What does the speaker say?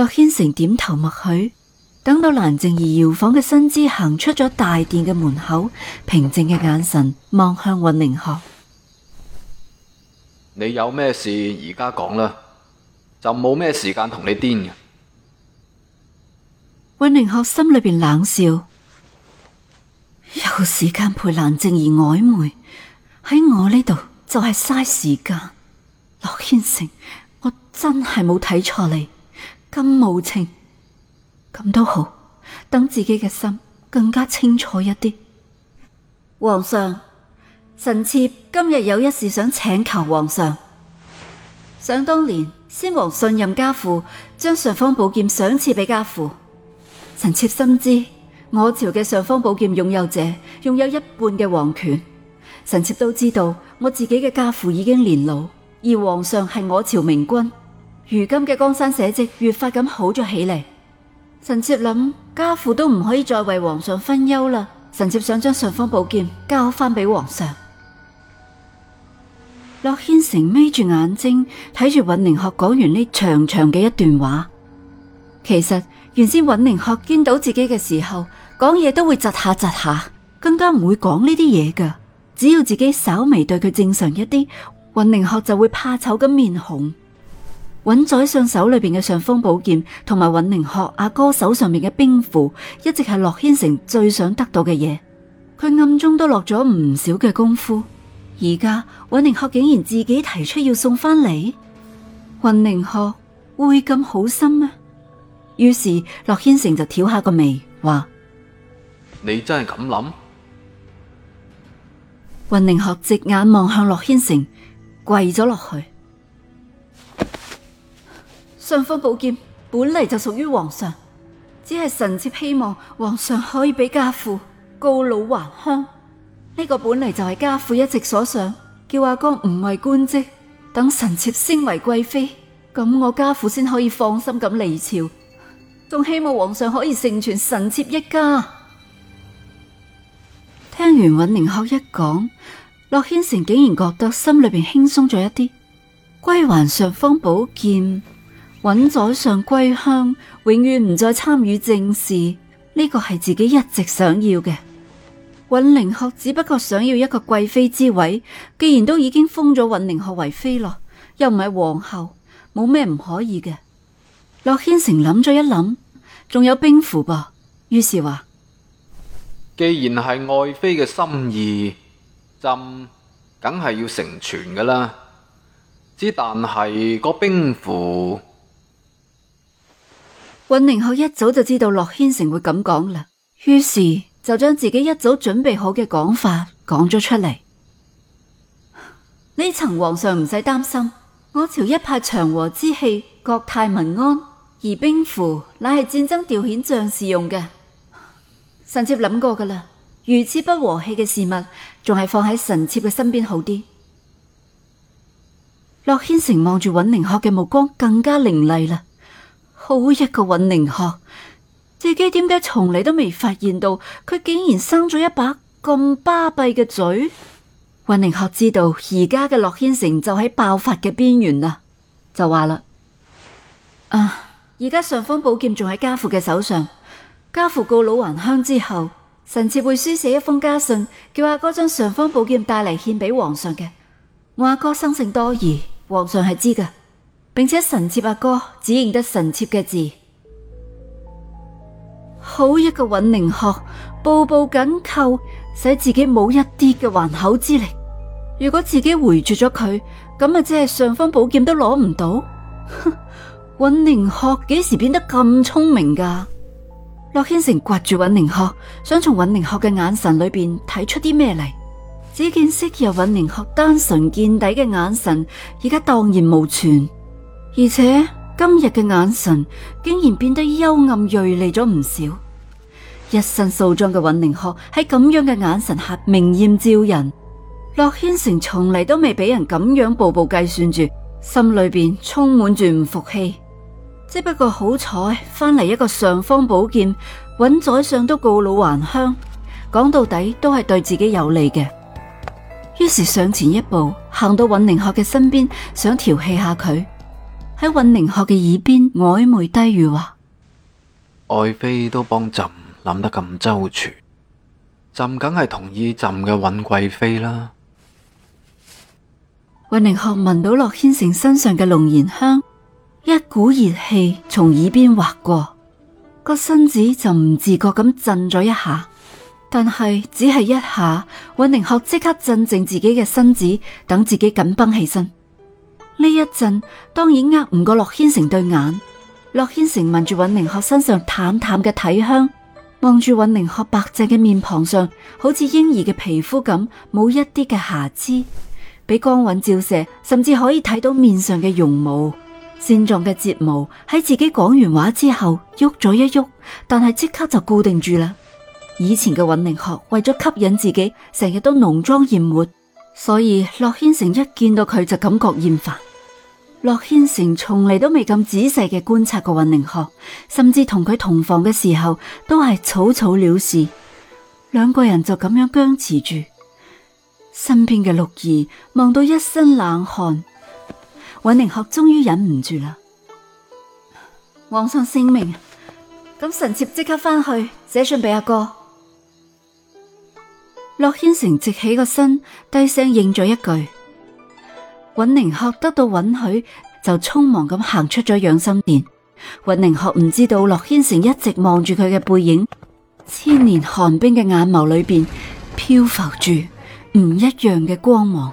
洛軒成點頭默許，等到蘭靜兒搖晃嘅身姿行出咗大殿嘅門口，平靜嘅眼神望向運寧鶴。你有咩事而家講啦，就冇咩時間同你癲嘅。運寧鶴心裏邊冷笑，有時間陪蘭靜兒曖昧喺我呢度就係嘥時間。洛軒成，我真係冇睇錯你。咁無情，咁都好，等自己嘅心更加清楚一啲。皇上，臣妾今日有一事想請求皇上。想當年先王信任家父，將尚方寶劍賞賜俾家父。臣妾深知我朝嘅尚方寶劍擁有者擁有一半嘅皇權。臣妾都知道我自己嘅家父已經年老，而皇上係我朝明君。如今嘅江山社稷越發咁好咗起嚟，臣妾諗家父都唔可以再為皇上分憂啦，臣妾想將上方寶劍交翻俾皇上。洛軒成眯住眼睛睇住尹寧學講完呢長長嘅一段話，其實原先尹寧學見到自己嘅時候，講嘢都會窒下窒下，更加唔會講呢啲嘢噶。只要自己稍微對佢正常一啲，尹寧學就會怕醜咁面紅。尹宰相手裏邊嘅尚方寶劍，同埋尹寧鶴阿哥手上面嘅兵符，一直係駱軒成最想得到嘅嘢。佢暗中都落咗唔少嘅功夫，而家尹寧鶴竟然自己提出要送翻嚟，尹寧鶴會咁好心咩？於是駱軒成就挑下個眉，話：你真係咁諗？尹寧鶴直眼望向駱軒成，跪咗落去。上方寶劍本嚟就屬於皇上，只係臣妾希望皇上可以俾家父告老還鄉。呢、這個本嚟就係家父一直所想，叫阿哥唔為官職，等臣妾升為貴妃，咁我家父先可以放心咁離朝。仲希望皇上可以成全臣妾一家。聽完尹寧鶴一講，駱軒成竟然覺得心裏邊輕鬆咗一啲，歸還上方寶劍。尹宰相歸鄉，永遠唔再參與政事，呢、這個係自己一直想要嘅。尹寧學只不過想要一個貴妃之位，既然都已經封咗尹寧學為妃咯，又唔係皇后，冇咩唔可以嘅。駱軒成諗咗一諗，仲有兵符噃，於是話：既然係愛妃嘅心意，朕梗係要成全噶啦。只但係、那個兵符。尹寧學一早就知道樂謙成會咁講啦，於是就將自己一早準備好嘅講法講咗出嚟。呢層皇上唔使擔心，我朝一派祥和之氣，國泰民安，而兵符乃係戰爭調遣將士用嘅。臣妾諗過噶啦，如此不和氣嘅事物，仲係放喺臣妾嘅身邊好啲。樂謙成望住尹寧學嘅目光更加凌厲啦。好一個尹寧鶴，自己點解從嚟都未發現到，佢竟然生咗一把咁巴閉嘅嘴？尹寧鶴知道而家嘅洛軒城就喺爆發嘅邊緣啦，就話啦：，啊，而家尚方寶劍仲喺家父嘅手上，家父告老還鄉之後，臣妾會書寫一封家信，叫阿哥將尚方寶劍帶嚟獻俾皇上嘅。我阿哥生性多疑，皇上係知㗎。並且神妾阿哥只認得神妾嘅字，好一個尹寧學步步緊扣，使自己冇一啲嘅還口之力。如果自己回絕咗佢，咁啊，即係上方寶劍都攞唔到。哼，尹寧學幾時變得咁聰明噶？駱軒成掘住尹寧學，想從尹寧學嘅眼神裏邊睇出啲咩嚟。只見昔日尹寧學單純見底嘅眼神，而家蕩然無存。而且今日嘅眼神竟然變得幽暗銳利咗唔少，一身素裝嘅尹寧鶴喺咁樣嘅眼神下明艷照人。洛軒成從嚟，都未俾人咁樣步步計算住，心裏邊充滿住唔服氣。只不過好彩翻嚟一個尚方寶劍，尹宰相都告老還鄉，講到底都係對自己有利嘅。於是上前一步，行到尹寧鶴嘅身邊，想調戲下佢。喺尹寧學嘅耳邊曖昧低語話：愛妃都幫朕諗得咁周全，朕梗係同意朕嘅尹貴妃啦。尹寧學聞到洛軒成身上嘅龍涎香，一股熱氣從耳邊滑過，個身子就唔自覺咁震咗一下，但係只係一下，尹寧學即刻鎮靜自己嘅身子，等自己緊繃起身。呢一陣當然呃唔過洛軒成對眼，洛軒成聞住尹寧學身上淡淡嘅體香，望住尹寧學白淨嘅面龐上，好似嬰兒嘅皮膚咁，冇一啲嘅瑕疵，俾光暈照射，甚至可以睇到面上嘅絨毛、線狀嘅睫毛喺自己講完話之後喐咗一喐，但係即刻就固定住啦。以前嘅尹寧學為咗吸引自己，成日都濃妝艷抹，所以洛軒成一見到佢就感覺厭煩。洛軒成從嚟都未咁仔細嘅觀察過尹寧鶴，甚至同佢同房嘅時候都係草草了事，兩個人就咁樣僵持住。身邊嘅六兒望到一身冷汗，尹寧鶴終於忍唔住啦。皇上聖明，咁臣妾即刻翻去寫信俾阿哥。洛軒成直起個身，低聲應咗一句。尹寧鶴得到允許，就匆忙咁行出咗養心殿。尹寧鶴唔知道，洛軒成一直望住佢嘅背影，千年寒冰嘅眼眸裏邊漂浮住唔一樣嘅光芒。